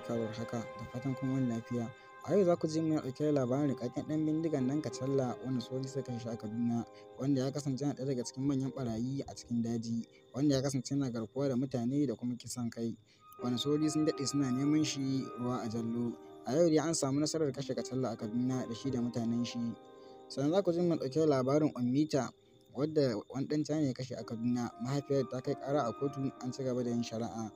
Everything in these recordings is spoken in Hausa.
barka da haka da fatan kuma wani lafiya a yau za ku ji mai ɗauke da labarin rikakken ɗan bindigan nan kacalla wanda soji suka shi a kaduna wanda ya kasance na ɗaya daga cikin manyan barayi a cikin daji wanda ya kasance na garkuwa da mutane da kuma kisan kai wanda soji sun daɗe suna neman shi ruwa a jallo a yau dai an samu nasarar kashe kacalla a kaduna da shi da mutanen shi sannan za ku ji mai ɗauke da labarin ummita wadda wani ɗan cana ya kashe a kaduna mahaifiyar ta kai ƙara a kotu an ci gaba da yin shari'a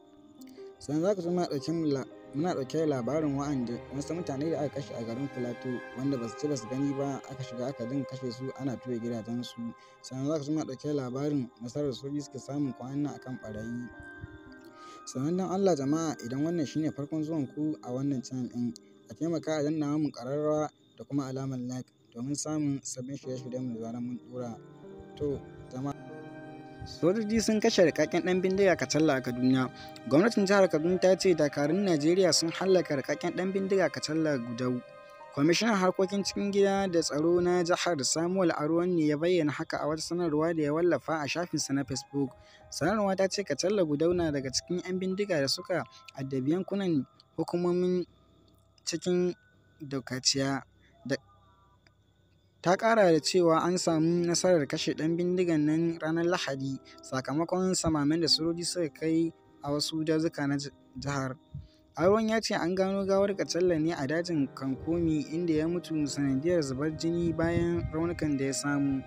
sannan za ku ji mu ɗauke muna ɗauke da labarin wa'anda wasu mutane da aka kashe a garin filato wanda ba su ci ba su gani ba aka shiga aka dinga kashe su ana gidajen gidajensu sannan za ka muna ɗauke da labarin nasarar soji suka samu kwanan akan ɓarayi sannan don allah jama'a idan wannan shine farkon zuwan ku a wannan channel ɗin a taimaka a danna mu ƙararrawa da kuma alamar like domin samun sabbin shirye-shiryen mu da mun ɗora to jama'a sojoji sun kashe rikakken dan bindiga kacalla a kaduna gwamnatin jihar kaduna ta ce dakarun najeriya sun hallaka rikakken dan bindiga kacalla guda kwamishinan harkokin cikin gida da tsaro na jihar samuel aruwan ne ya bayyana haka a wata sanarwa da ya wallafa a shafinsa na facebook sanarwa ta ce kacalla gudau na daga cikin 'yan bindiga da suka addabi yankunan hukumomin cikin dokaciya ta ƙara da cewa an samu nasarar kashe ɗan bindigan nan ranar Lahadi sakamakon samamen da sojoji suka kai a wasu dazuka na jihar. auren ya ce an gano gawar Kacalla ne a dajin Kankomi inda ya mutu sanadiyar zubar jini bayan raunukan da ya samu.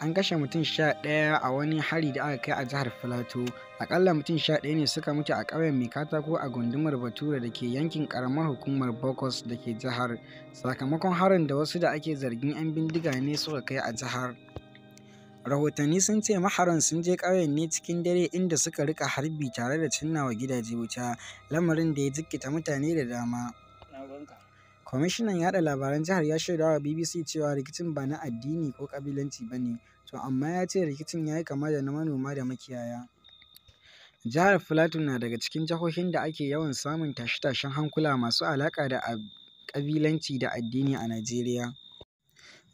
an kashe mutum sha ɗaya a wani hari da aka kai a jihar filato akalla mutum sha ɗaya ne suka mutu a ƙauyen mai katako a gundumar bature da ke yankin ƙaramar hukumar bokos da ke jihar sakamakon harin da wasu da ake zargin 'yan bindiga ne suka kai a jihar rahotanni sun ce maharan sun je ƙauyen ne cikin dare inda suka rika harbi tare da cinnawa gidaje wuta lamarin da ya jikkita mutane da dama kwamishinan yaɗa labaran jihar ya shaida wa bbc cewa rikicin ba na addini ko kabilanci ba ne To amma ya ce rikicin ya yi kama da na manoma da makiyaya. Jihar Filato na daga cikin jihohin da ake yawan samun tashe-tashen hankula masu alaƙa da ƙabilanci da addini a Najeriya.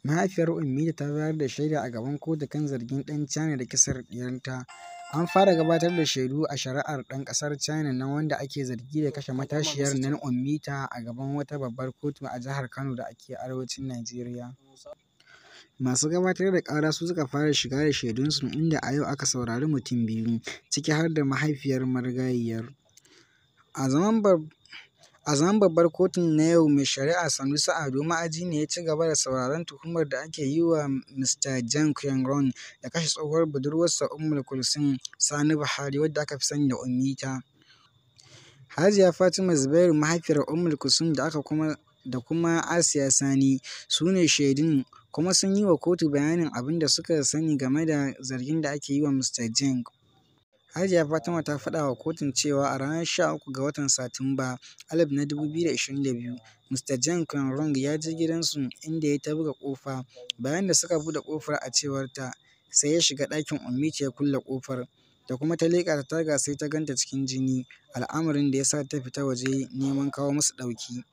Mahaifiyar Ummiya ta bayar da shaida a gaban kotu kan zargin ɗan China da kisar ɗiyarta. An fara gabatar da shaidu a shari'ar ɗan ƙasar China na wanda ake zargi da kashe matashiyar nan Ummita a gaban wata babbar kotu a jihar Kano da ake arewacin Najeriya. Masu gabatar da ƙara su suka fara shiga da shaidunsu, inda a yau aka saurari mutum biyu, ciki har da mahaifiyar marigayiyar. A zaman Babbar Kotun na yau, Mai Shari'a Sanusi Ado Ma'aji ne ya ci gaba da sauraron tuhumar da ake yi wa Mr. John Kyagulanyi da kashe tsohuwar budurwarsa Umar Kulsum Sani Buhari wadda aka fi sani da Ummita. Hajiya Fatima Zubairu, mahaifiyar Ummul Kulsum da kuma Asiya Sani, su ne shaidun kuma sun yi wa kotu bayanin abin da suka sani game da zargin da ake yi wa Mr. Jing. Hajiya Fatima ta faɗa wa kotun cewa a ranar 13 ga watan Satumba 2022, Mr. Jang kyung ya je gidansu inda ya ta buga ƙofa, bayan da suka buɗe ƙofar a cewarta, sai ya shiga ɗakin Ummici ya kulle ƙofar. da kuma ta leƙa taga sai ta ganta cikin jini, al'amarin da ya sa ta fita waje neman kawo musu ɗauki.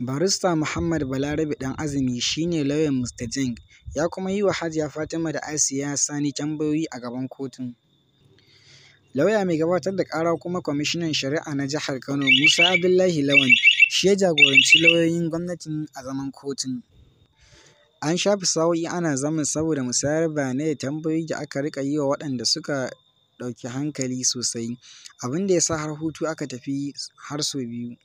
Barista Muhammad Balarabe ɗan azumi shine lauyan Mr Jeng ya kuma yi wa Hajiya Fatima da Asiya Sani tambayoyi a gaban kotun. Lauya mai gabatar da ƙara kuma Kwamishinan Shari'a na Jihar Kano Musa Abdullahi Lawan shi ya jagoranci lauyoyin gwamnatin a zaman kotun. An shafe sa'o'i ana zaman saboda musayar bayanai da tambayoyi da aka riƙa yi wa waɗanda suka ɗauki hankali sosai, abinda da ya sa har hutu aka tafi har sau biyu.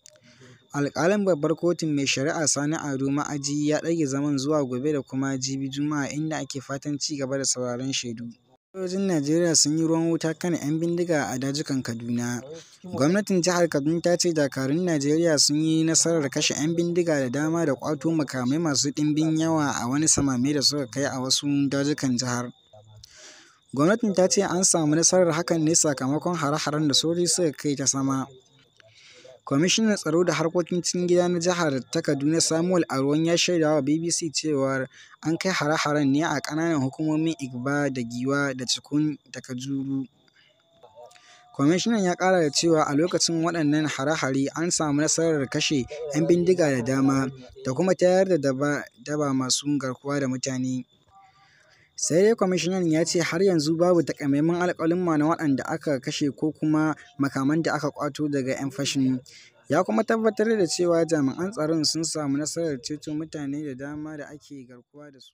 Alƙalin Babbar Kotun Mai Shari'a Sani Ado Ma'aji ya ɗage zaman zuwa gobe da kuma jibi Juma'a inda ake fatan ci gaba da sauraron shaidu. Sojojin Najeriya sun yi ruwan wuta kan 'yan bindiga a dajukan Kaduna. Gwamnatin jihar Kaduna ta ce dakarun Najeriya sun yi nasarar kashe 'yan bindiga da dama da ƙwato makamai masu ɗimbin yawa a wani samame da suka kai a wasu dajukan jihar. Gwamnatin ta ce an samu nasarar hakan ne sakamakon hare-haren da sojoji suka kai ta sama. Kwamishinan Tsaro da Harkokin Cikin Gida na Jihar ta Kaduna Samuel Arwan ya shaida wa BBC cewa an kai hare-haren ne a ƙananan hukumomin Igba da Giwa da Cikun da Kajuru. Kwamishinan ya ƙara da cewa a lokacin waɗannan hare-hare an samu nasarar kashe 'yan bindiga da dama da kuma tayar da daba masu garkuwa da mutane. Sai dai kwamishinan ya ce har yanzu babu takamaiman alƙaluma na waɗanda aka kashe ko kuma makaman da aka kwato daga 'yan fashin, ya kuma tabbatar da cewa jami'an tsaron sun samu nasarar ceto mutane da dama da ake garkuwa da su.